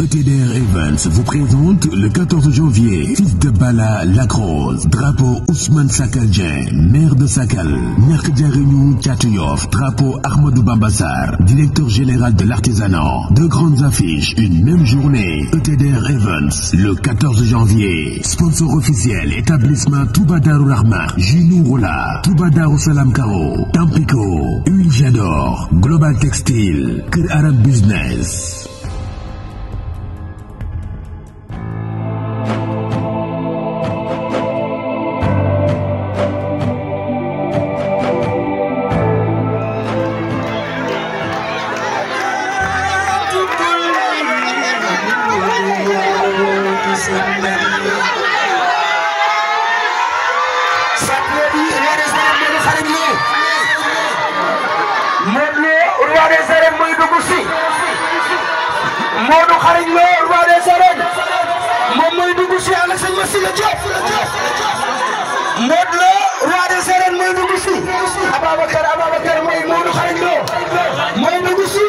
ETDR Events vous présente le 14 janvier fils de Bala Lacrosse drapeau Ousmane Sakal Dieng maire de Sakal ñàkk jariñu Thiatou drapeau Ahmadou Bamba directeur général de l'artisanat deux grandes affiches une même journée ETDR Events le 14 janvier sponsor officiel établissement Touba Darou Rahman Junou Rola Touba Darou Karo Tampico Huile Global Textile Kër Arab Business Modou Xarañ Lo roi des arènes moom mooy dugg si ànd sëñ Massila Diop Modou Lo roi des arènes mooy dugg si Ababacar Ababacar mooy Modou Xarañ Lo mooy dugg si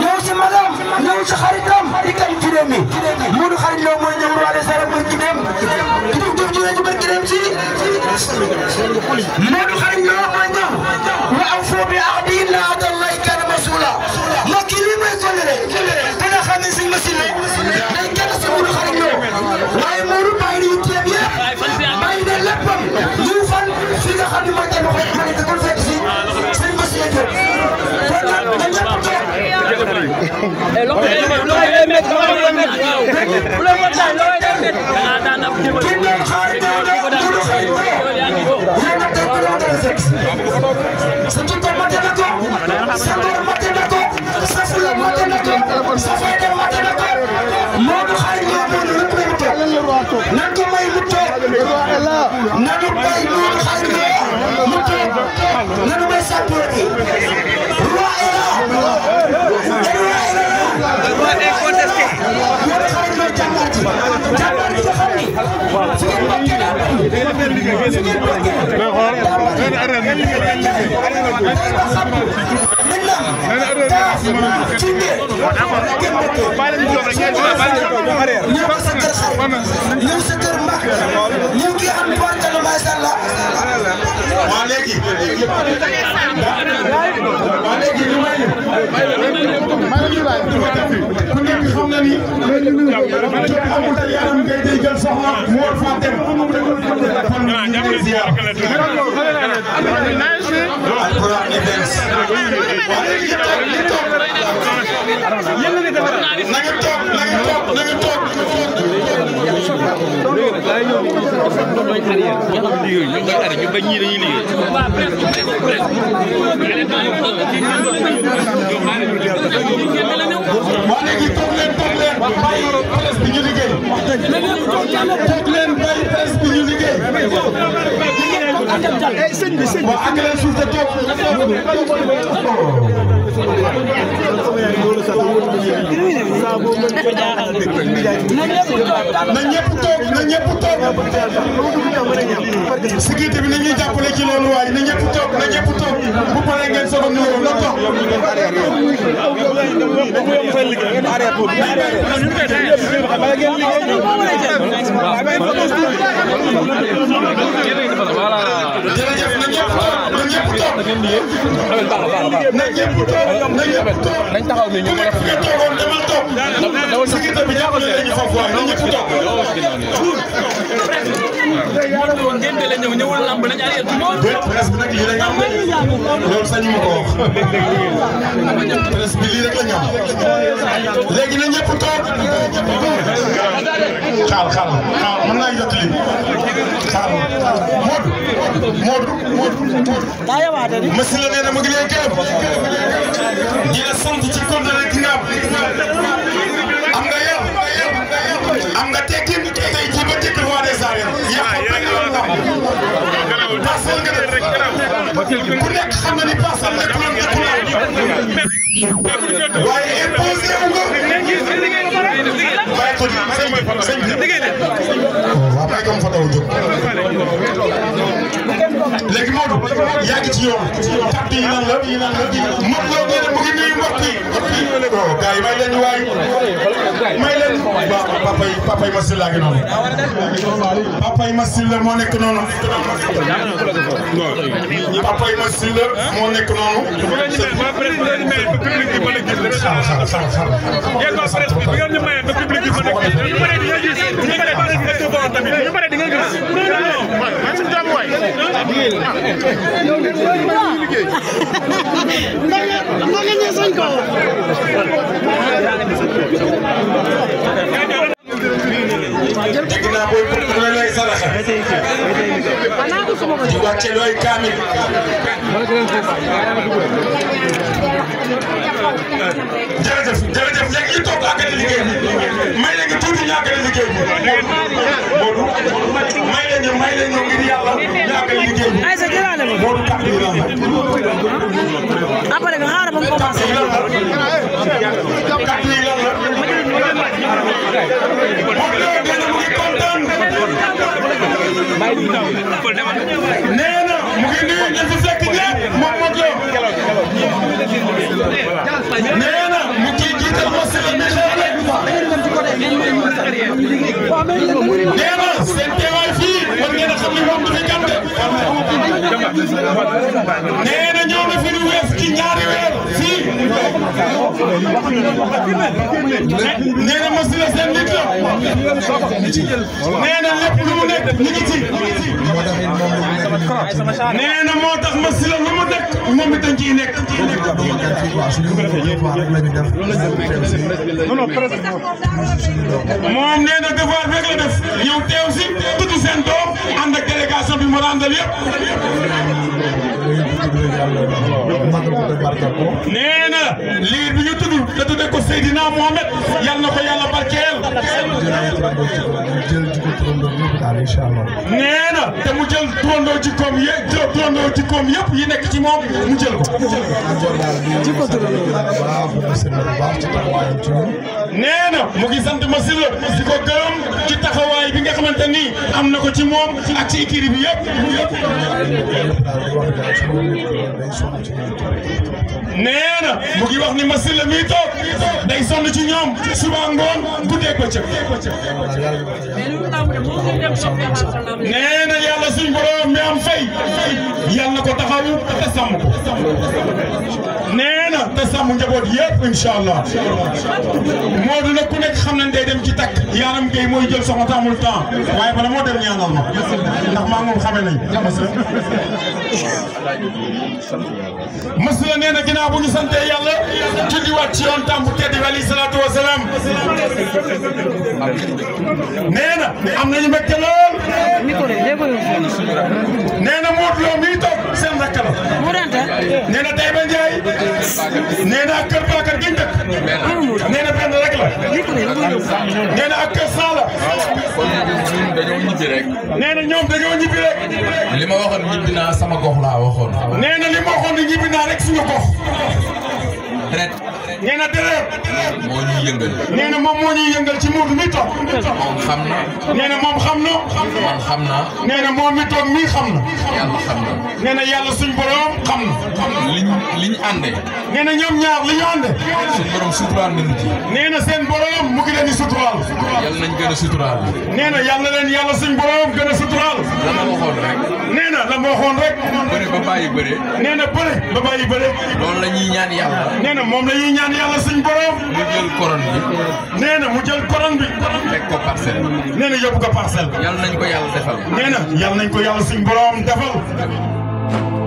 ñëw si magam ñëw si xaritam di kan juróom yi Modou Xarañ Lo mooy ñëw roi des arènes mooy juróom juróom juróom juróom si day métti looloo day métti. bu la mën daal looloo day métti. da ngaa daan am jéem a déglu da ngaa ko daan doxee loolu yaa ngi ko. nan ko may mu toog nanu may Modou Khary Lo mu toog nanu may sapeur bi roi droit incontesté. waaw léegi ni mel ni ñu amul te yaram ngay day jël soxna moo fa dem alquran ni bees na nga toog na nga toog na nga toog ñu bañ ñi dañuy liggéey rek toog leen bàyyi presse bi ñu liggéey. waaw ak leen suuf de toog toog toog combat boobu lañ ko jaaxal. na ñëpp toog na ñëpp toog na ñëpp toog. sécurité bi nañuy jàppale ci loolu waaye na ñëpp toog na ñëpp toog bu paree ngeen soog a nuyoo na toog. voilà. jërëjëf na ñëpp toog. da ngeen liggéey. nañ taxaw nii ñu mën a ko def. dawal sax dawal sax dawal sax moom ngénte la ñëw ñëwul lamb nañ arrière du moom. presse bi nag lii rek am loolu sañ ma ko wax. presse bi lii rek la ñu am. léegi na ñëpp toog. xaal xaal xaal mën naa jot lii xaal Modou Modou Modou. Massi la nee na mu ngi lay gërëm. di la sant ci kóol rek nga am. am nga tekki tey jii ba tekki mois de janvier yàqu benn yoon nga am parcelle nga def ku nekk xam na ni parcelle nekkul woon nekkul woon waaye imposé wu nga waaye ko sëñ bi sëñ bi waaw kay kam fa daw jóg léegi Modou yaa ngi ci yoon tàpp yi nan la mot loo gën a mu ngi nuyu mbokk yi gars yi may leen waay papay papay Massil laa ngi noonu. papay Massil la moo nekk noonu. papay Massil la moo nekk noonu. public bi dinaa koy pour la lay saraxa di wàcce looy kaamil jërëjëf jërëjëf léegi ñu toog àggale liggéey bi may léegi tuuti ñu àggale liggéey bi ngi nuyu ñu fi fekk ñëpp moom Modou Lo nee na mu ciy jiital Masila mi nee na seen teewaay fii war ngeen a xam ni moom du fi gàtt nee na nee na Massila seen nit la nee na lépp lu mu nekk ñu ngi ci nee na moo tax Massila lu mu nekk moom it dañ ciy nekk. moom nee na devoir rek la def ñëw teew si tudd seen doom ànd ak délégation bi mu ràndal yëpp. nee na liir bi ñu tudd te tudde ko Seydina Mohamed yal na ko yàlla barkeel. nee na te mu jël turandoo jikkoom ye turandoo jikkoom yëpp yi nekk ci moom mu jël ko. nee na mu ngi sant Masila di ko gërëm. xamante ni am na ko ci moom ak ci équipe bi yëpp. nee na mu ngi wax ni Massylla mi toog day sonn ci ñoom suba ngoon guddeeg bëccëg. nee na yàlla suñ borom mi am fay yàlla na ko taxawu te sàmm ko. na sàmm njaboot yëpp incha allah. Modou nag ku nekk xam nañ day dem ci takk. yaaram Gueye mooy jël soxla te amul temps waaye bala moo dem ñaanal ma ndax maa moom xame nañ. mas la nee na ginnaaw bu ñu sante yàlla julliwaat ci yoon tam bu tedd bi alayhi salaatu wa salaam. nee na am nañu mbégte lool. nee na Modou Lo mi toog seen rakk la. nee naa kër Bakar giñ dëkk nee na benn rek la nee na ak kër Sala dañoo ñibbi rek nee na ñoom dañoo ñibbi rek li ma waxoon ñibbi naa sama gox laa waxoon nee na li ma waxoon ni ñibbi naa rek nee na deret moo ñuy yëngal nee na moom moo ñuy yëngal ci muur mi toog moom xam na nee na moom xam na man xam na nee na moom mi toog mii xam na yàlla xam na nee na yàlla suñ borom xam na liñ liñ ànde nee na ñoom ñaar li ñu ànde suñ borom suturaal nañu na seen borom mu ngi leen di nañ gën a suturaal nee na yàlla leen yàlla suñ borom gën a suturaal la ma waxoon rek nee na la ma waxoon rek bëre ba bàyyi bëre nee na bëre ba bàyyi bëre loolu la ñuy ñaan yàlla la ñaan yàlla suñ borom. mu jël koron bi. nee na mu jël koron bi. teg ko parcelle. nee na yóbbu ko parcelle. yal nañ ko yàlla defal. nee na yal nañ ko yàlla suñ borom defal.